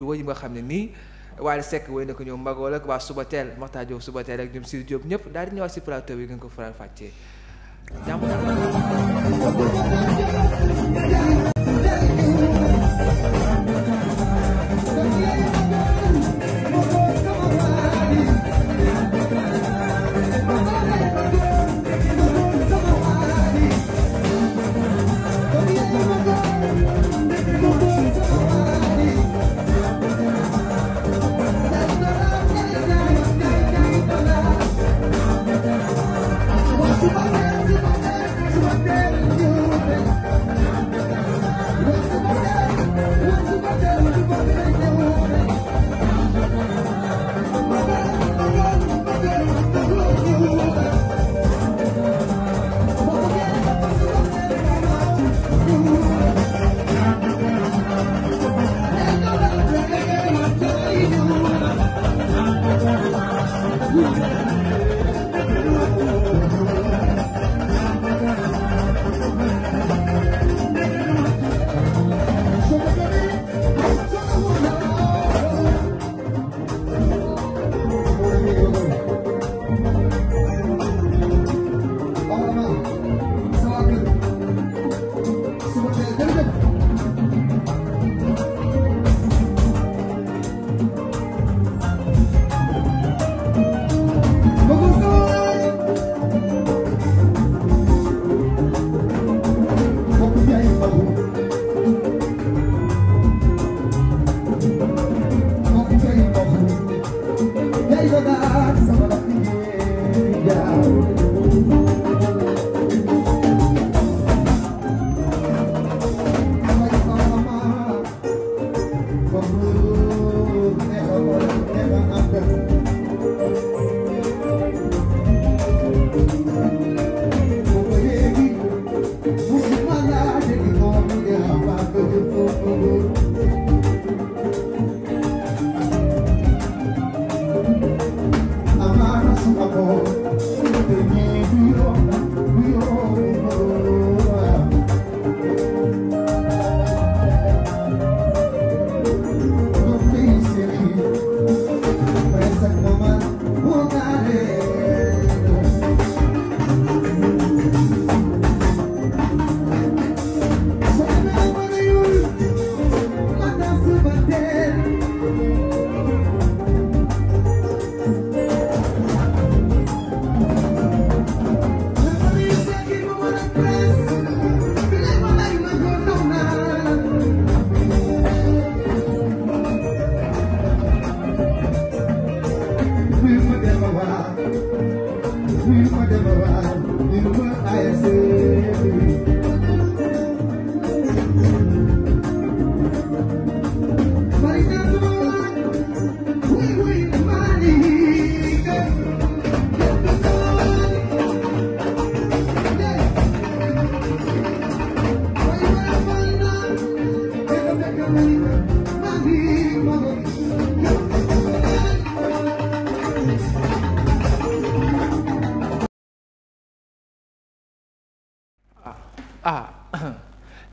woy yi nga xam ne nii Wally sekk woy na ko ñoom Magol ak waa suba teel Makhtar Diop suba teel ak ñoom Sidy Diop ñëpp daal di ñëwaat si plateau yi ngeen ko faral fàccee jàmm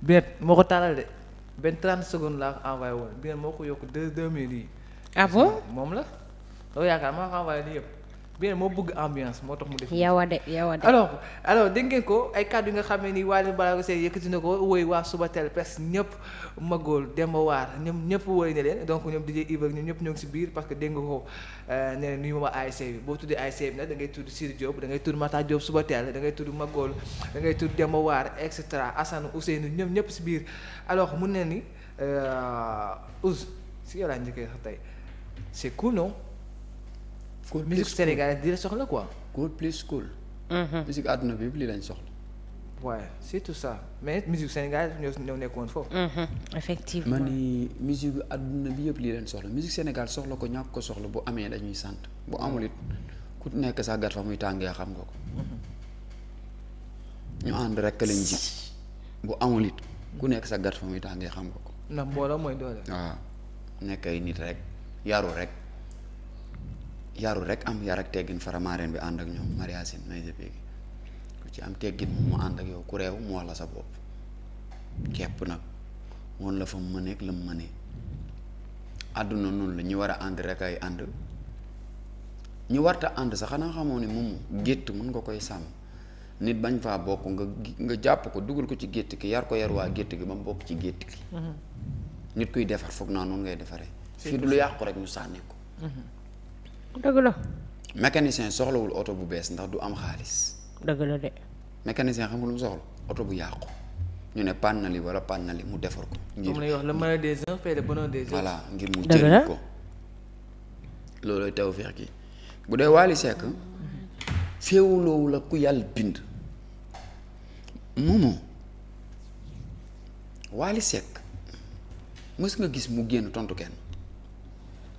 bien moo ko taalal de benn 30 laa ko envoyé woon bien moo ko yokk deux deux minutes yi. ah moom la. loolu yaakaar maa ko envoyé lii yëpp. bien moo bëgg ambiance moo tax mu def. yow a de yow a de. alors alors dégg ko ay kàddu yi nga xam ne ni Wally Ballago Seck yëkkati na ko woy waa Subatel Pes ñëpp Magol Demba Waar ñoom ñëpp woy na leen donc ñoom DJ Iver ñoom ñëpp ñoo ngi si biir parce que dégg nga ko euh, ne na nuyu ma ASC e bi boo tuddee ASC e bi nag da ngay tudd Sir Diop da ngay tudd Mata Diop Subatel da ngay tudd Magol da ngay tudd Demba Waar et cetera Assane Ousseynou ñoom ñëpp si biir alors mun na ni euh, Ousse si yow laa njëkkee sax tey cool musique sénégalaise di la soxla quoi. cool plus mm-hmm. àdduna bi yëpp lii lañ soxla. waaw c'est mais musique sénégalaise ñoo nekkoon foofu. Mm-hmm. effectivement ma ni musique bi yëpp lii lañ soxla musique Sénégal soxla ko ñàkk ko soxla bu amee dañuy sant bu amul it ku nekk sa gat fa muy tàngee xam nga ko. Mm-hmm. ànd rek ku nekk sa gat fa muy xam nga ko. ndax mbooloo mooy doole. waaw nekk ay nit rek yaru rek. yarul rek am yar ak teggin faramaareen bi ànd ak ñoom mariasin may jëppeegi ku ci am teggin mu ànd ak yow ku réew mu wax la sa bopp képp nag woon la fa mu mëneeg la mu mënee àdduna noonu la ñu war a ànd rek ay ànd ñu warta ànd sa xanaa xamoo ne moom gétt mën nga koy sàmm nit bañ faa bokk nga jàpp ko dugal ko ci gétt gi yar ko yar waa gétt gi ba mu bokk ci gétt gi mm-hmm. nit kuy defar foog naa noonu ngay defaree fii du lu yàqu rek ñu sànni ko mm-hmm. dëgg la. mécanicien soxlawul oto bu bees ndax du am xaalis. dëgg la de. mécanicien xam mu soxla oto bu yàqu ñu ne panne na li wala panne na li mu defar ko. ngir mu lay voilà ngir mu jëriñ ko. loolooy tawfeex gi bu dee Wally Seck féewuloowu la ku yàlla bind moomoo Wally Seck mës nga gis mu génn tontu kenn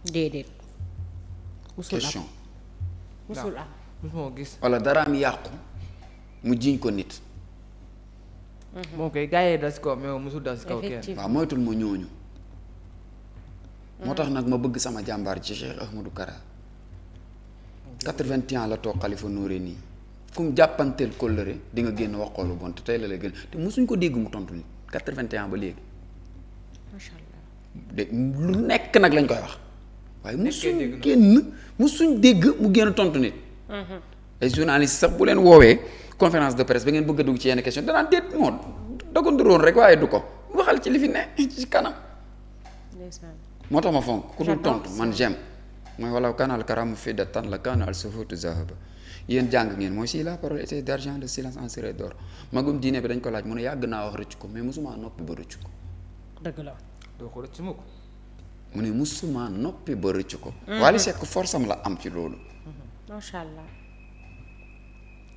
déedéet musul am question. musul am musuma yàqu mu jiñ ko nit. moo mhm. koy gars das ko mais musul das kaw kenn. waaw moytul ma ñooñu. moo tax mhm. nag ma bëgg sama jàmbaar ci du Ahmadou Kara. 80 ans la toog Xalifa Nouré nii. kum jàppanteel kóllëre di nga génn wax xoolu bon te tey la la gën te mosuñ ko dégg mu tontu nit 81 ba léegi. de lu nekk nag lañ koy wax. waaye musuñ génn musuñ dégg mu génn tontu nit ay mm-hmm. journaliste sax bu leen woowee conférence de presse ba ngeen bëgg a dugg ci yenn question danaan déet moom doganduróon rek waaye du ko waxal ci li fi ne ci kanam moo tax ma fonk ku dul tontu man j'aime mooy walaw kaana al karaamu fiddatan la kaana al sufuutu zahaba yéen jàng ngeen mooy si la parole était d'argent le silence en serait d'or magum diine bi dañ ko laaj mu ne yàgg naa wax rëcc ko mais mosuma noppi ba rëcc ko la doo ko mu ne musuma noppi ba rëcc ko. Mhm. Wally Seck force la am ci loolu. Mhm. macha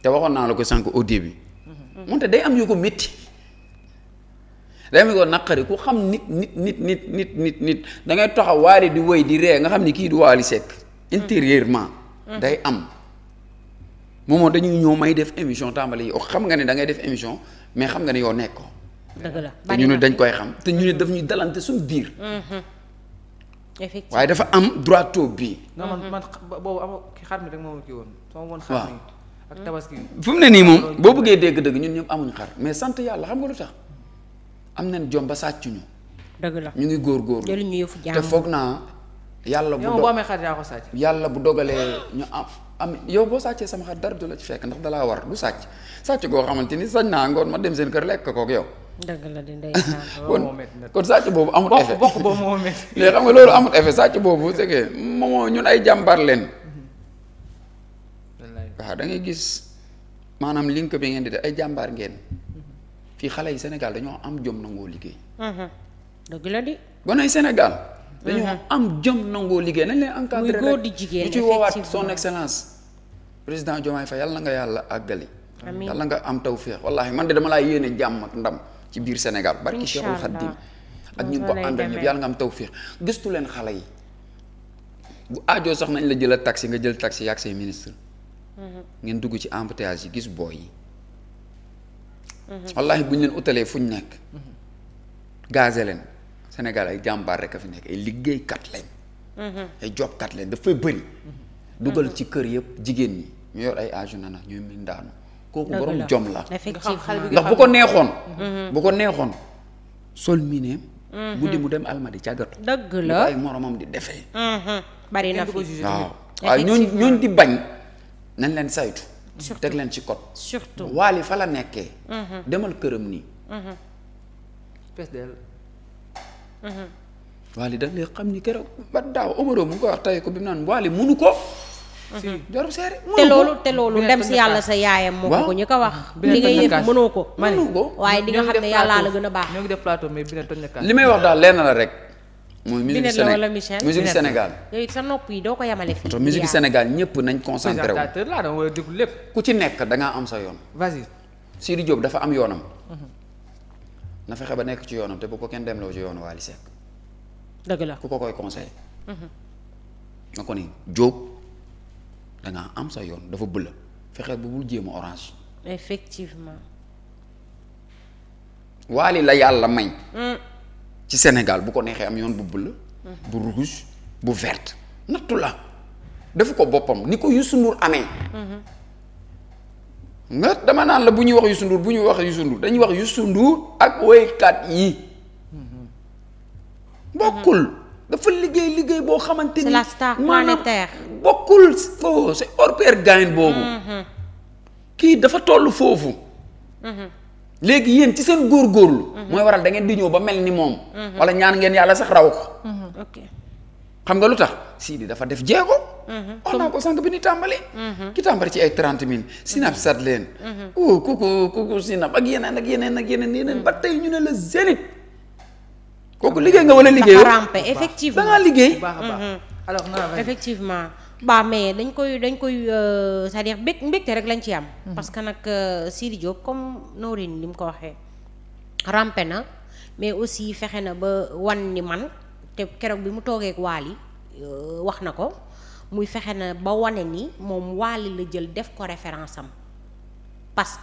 te waxoon naa la ko sànq au bi mhm. moonte day am yu ko métti. day am yu ko naqari ku xam nit nit nit nit nit nit nit da ngay taxaw waali di woy di ree nga xam ni kii du Wally Seck. intérieurement. day am. moom dañuy ñëw may def émission tàmbali yi oh, xam nga ne da ngay def émission mais xam nga ne yow nekk ko. te ñu ne dañ koy xam te ñu ne daf ñuy dalante suñu biir. effectivement waaye dafa am droit taux bii. non man man boobu amoo ki xar mi rek moo kii woon. sama woon xar mi ak tabaski. fu mu ne nii moom boo bëggee dégg-dëgg ñun ñëpp amuñu xar mais sant yàlla xam nga lu tax am nañ jom ba sàccuñu. dëgg la ñu ngi góorgóorlu jëluñu yëfu jaamu te foog naa. yàlla bu do yàlla bu dogalee ñu am am yow boo sàccee sama xar dara du la ci fekk ndax dalaa war du sàcc sàcc goo xamante ni sañ naa ngoon ma dem seen kër lekk kook yow dëgg la di ndeysaan kon kon sàcc boobu amul effet bokk boobu moo métti léegi xam nga loolu amul effet sàcc boobu c'est que moomoo ñun ay jàmbaar leen waaw da gis maanaam link bi ngeen di def ay jàmbaar ngeen fii xale yi Sénégal dañoo am jom nangoo liggéey mhm. dëgg la di gone yi Sénégal dañoo mhm. nañ leen encadré rek di jigéen ñu ci woowaat son excellence président Diomaye Faye yàlla na nga yàlla àggali yàlla nga am tawféex wallahi man de dama laa yéene jàmm ak ndam ci biir Sénégal barki Cheikhul Khadim ak ñu ko àndal ñëpp yàlla nga am tawfiix gëstu leen xale yi bu ajoo sax nañ la jël jëlal taxi nga jël taxi yaag say ministre mm-hmm. ngeen dugg ci embouteillage yi gis booy yi mm-hmm. wallaahi bu ñu leen utalee fu ñu nekk mm-hmm. gaze leen Sénégal ay jàmbaar rek a fi nekk ay liggéeykat lañ ay jobkat lañ dafay bëri dugal ci kër yëpp jigéen ñi ñu yor ay aju nana ñuy min daanu kooku borom jom la ndax bu ko neexoon mhm. bu ko neexoon sol miineem mhm. guddi mu dem almadi càggatu dëgg la ay moromam di defee mhm. bari na fi waaw waaw ñooñ ñooñ di bañ nañ leen saytu teg leen ci code surtout waali fa la nekkee demal këram nii waali dañ xam ni keroog ba daaw Omaro mu ko ko bi mu naan waali munu ko jarul seere te loolu te loolu dem si yàlla sa yaayam moo ko ko ñu ko wax li ngay def nga xam ne yàllaa la gën a baax ñoo ngi def plateau mais Binet toj na li may wax daal lenn la rek mooy musique Sénégal sa nopp yi doo ko yamale fii parce que musique Sénégal ñëpp nañ concentré ku ci nekk da ngaa am sa yoon vas-y Sidi Diop dafa am yoonam mhm. na fexe ba nekk ci yoonam te bu ko kenn demloo ci yoonu Wally Seck dëgg la ku ko koy conseil mhm. nga ko ni Diop da am sa yoon dafa bëla fexeel ba bul jéema a orange. effectivement. waali la yàlla may. Mm. ci Sénégal bu ko neexee am yoon bu bëla. Mm. bu rouge bu verte nattu la def ko boppam ni ko Youssou Ndour amee. Mm-hmm. nga dama naan la bu ñuy wax Youssou Ndour bu ñuy wax Youssou Ndour dañuy wax Youssou Ndour ak woykat yi mm-hmm. bokkul. dafa liggéey liggéey boo xamante ni. c'est la star planétaire maanaam bokkul foo c'est hors boobu. Mm-hmm. kii dafa toll foofu. Mm-hmm. léegi yéen ci seen góor góorgóorlu. Mm-hmm. mooy waral dangeen di ñëw ba mel ni moom. wala ñaan ngeen yàlla sax raw ko. ok xam nga lu tax Sidi dafa def jéego. wax naa ko sànq bi ni tàmbali. ki tàmbali ci ay trente mille. Sinap sat leen. oh kooku kooku Sinap ak yeneen ak yeneen ak yeneen yeneen ba tey ñu ne la zénith. kooku liggéey nga wala liggéey dafa rampe effectivement ngaa liggéey. bu baax a baax mm-hmm. effectivement. ba mais dañ koy dañ koy euh, c'est-à-dire mbég mbégte rek lañ ci am. Mm-hmm. parce que nag euh, Sidi Diop comme Norine li mu ko waxee. rampe na mais aussi fexe na ba wan ni man te keroog bi mu toogee ak Waly euh, wax na ko muy fexe na ba wane ni moom Waly la jël def ko référence am parce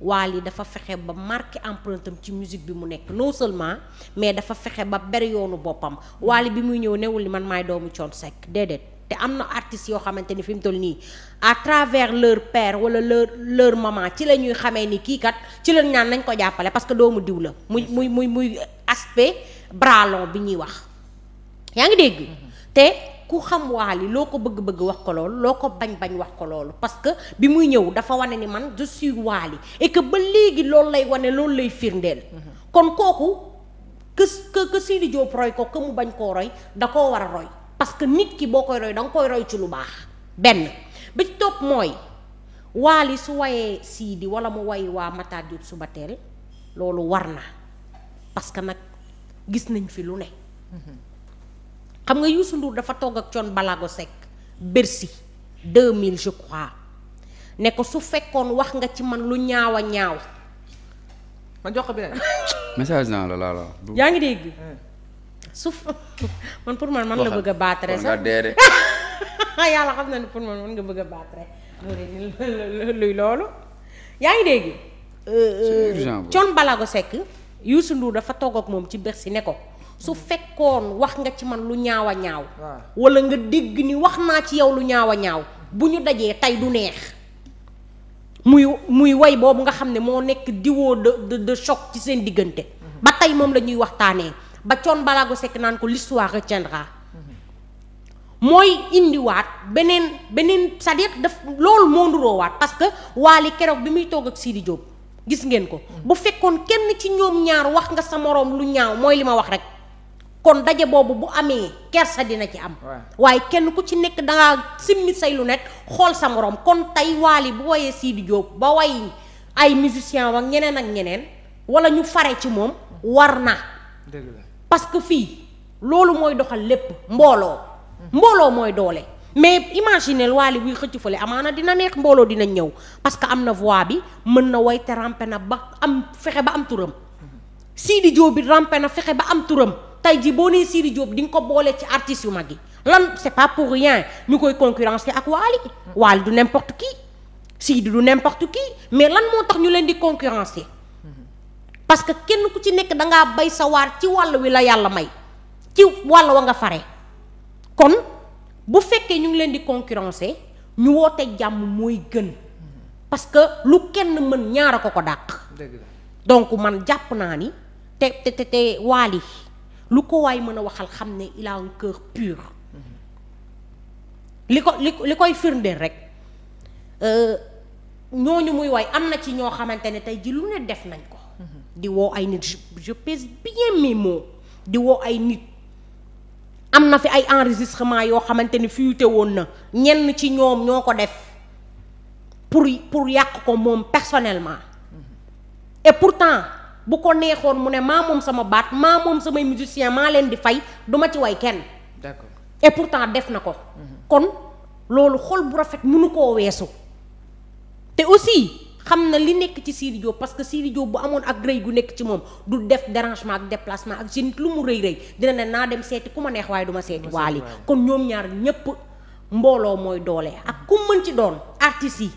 yi dafa fexe ba marqué empreinte ci musique bi mu nekk non seulement mais dafa fexe ba bari yoonu boppam Wally bi muy ñëw newul ni man maay doomu Thione Seck déedéet te am na artistes yoo xamante ni fi mu toll nii à travers leur père wala leur leur maman ci la ñuy xamee ni kii kat ci la ñaan nañ ko jàppale parce que doomu diw la muy muy muy muy bralon bi ñuy wax yaa ngi dégg mm-hmm. te ku xam waali loo ko bëgg-bëgg wax ko loolu loo ko bañ-bañ wax ko loolu parce que bi muy ñëw dafa wane ni man je suis waali et ba léegi loolu lay wane loolu lay firndeel mm-hmm. kon kooku que que que roy ko que mu bañ koo roy da koo war a roy parce que nit ki boo koy roy danga koy roy ci lu baax benn bi toog topp mooy waali su wayee Sidi wala mu way waa Matar Diop suba teel loolu war na parce nag gis nañ fi lu ne mm-hmm. xam nga Youssou Ndour dafa togg ak Thione Ballago sekk Bercy 2000 je crois ne ko su fekkoon wax nga ci man lu ñaaw a ñaaw. ma jox ko beneen message naa la laa yaa ngi dégg. suuf man pour man man la bëgg a baatre sax yàlla xam na ne pour man man nga bëgg a baatre luy loolu yaa ngi dégg euh, Thione Ballago Seck Youssou Ndour dafa togg ak moom ci Bercy ne ko su fekkoon wax nga ci man lu ñaaw a ñaaw wala nga dégg ni wax naa ci yow lu ñaaw a ñaaw bu ñu dajee tey du neex muy muy way boobu nga xam ne moo nekk diwoo de de choc ci seen diggante mhm. ba tey moom la ñuy waxtaanee ba coon balaago sekk naan ko l'histoire retiendra mhm. mooy indiwaat beneen beneen c'est-à-dire daf loolu moo nduroowaat parce que waali keroog bi muy toog ak di Diop gis ngeen ko mhm. bu fekkoon kenn ci ñoom ñaar wax nga sa moroom lu ñaaw mooy li ma wax rek kon daje boobu bu amee kersa dina ci am waaye kenn ku ci nekk dangaa simmi say lu nekk xool sa moroom kon tey waali bu woyee Sidi Diop ba way ay musicien wa ñeneen ak ñeneen wala ñu fare ci moom war na parce que fii loolu mooy doxal lépp mbooloo mbooloo mooy doole mais imaginez waali buy xëcc fële amaana dina neex mbooloo dina ñëw parce que am na voix bi mën na woy te rampe na ba am fexe ba am turam Sidi Diop bi rampe na fexe ba am turam tey ji boo nee Siri Diop di nga ko boole ci artistes yu mag yi lan c'est pas pour rien ñu koy concurrencer ak Wally Wally du n'importe qui Sidi du n'importe qui mais lan moo tax ñu leen di concurrencer parce que kenn ku ci nekk dangaa bay sa waar ci wàll wi la yàlla may ci wàll wa nga fare kon bu fekkee ñu ngi leen di concurrencer ñu woote jàmm mooy gën parce que lu kenn mën ñaara ko ko dàq donc man jàpp naa ni te te te Wally lu ko waay mën a waxal xam ne il a un cœur pur li ko li li koy firndee rek euh, ñooñu muy waay am na ci ñoo xamante ne tey ji lu ne def nañ ko di woo ay nit je pèse bien mes mots di woo ay nit am na fi ay enregistrement yoo xamante ne fuité woon na ñenn ci ñoom ñoo ko def pour pour yàq ko moom personnellement et pourtant bu ko neexoon mu ne maa moom sama baat maa moom samay musicien maa leen di fay duma ci way kenn d'accord et pourtant def na ko kon loolu xol bu rafet mënu koo weesu te aussi xam na li nekk ci Sidi Diop parce que Sidi Diop bu amoon ak rëy gu nekk ci moom du def dérangement ak déplacement ak génit lu mu rëy rëy dina ne naa dem seeti ku ma neex waaye duma ma seeti Wally kon ñoom ñaar ñépp mbooloo mooy doole ak ku mën ci doon artistes yi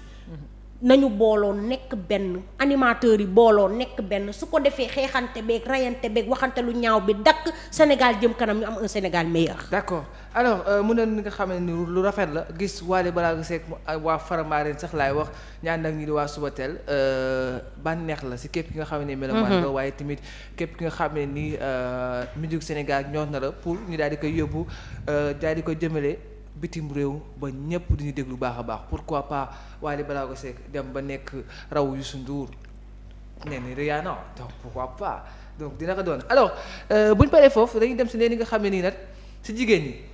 nañu booloo nekk benn animateurs yi booloo nekk benn su ko defee xeexante beeg rayante beeg waxante lu ñaaw bi dakk Sénégal jëm kanam ñu am un Sénégal meilleur. d'accord alors euh, mu ne ni nga xam ne lu rafet la gis Wally Ballago Seck waa Faramaren sax laay wax ñaan nag ñi di waa Subatel euh, bànneex la si képp ki nga xam ne melomaan la mhm. waaye tamit képp ki nga xam ne ni euh, musique Sénégal ñor na la pour ñu daal di koy yóbbu daal di koy jëmale. bitim réew ba ñépp duñu ñu déglu baax a baax pourquoi pas Wally Ballago Seck dem ba nekk raw Youssou Ndour nee na Rihanna donc pourquoi pas donc dina ko doon alors euh, bu ñu paree foofu dañuy dem si leen yi nga xam nii rek si jigéen ñi